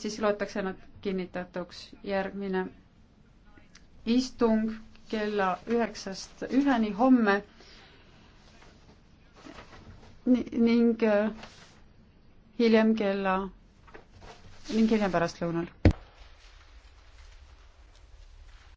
siis loetakse nad kinnitatuks. järgmine istung kella üheksast üheni homme ning äh, hiljem kella ning hiljem pärastlõunal.